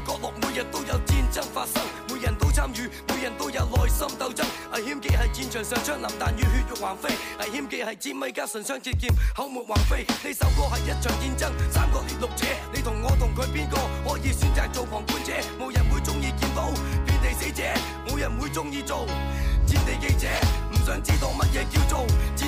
角落每日都有戰爭發生，每人都參與，每人都有內心鬥爭。危險既係戰場上槍林彈雨，血肉橫飛。危險既係支米加唇槍舌劍，口沫橫飛。呢首歌係一場戰爭，三個獵鹿者，你同我同佢，邊個可以選擇做旁觀者？冇人會中意見到，遍地死者，冇人會中意做戰地記者，唔想知道乜嘢叫做戰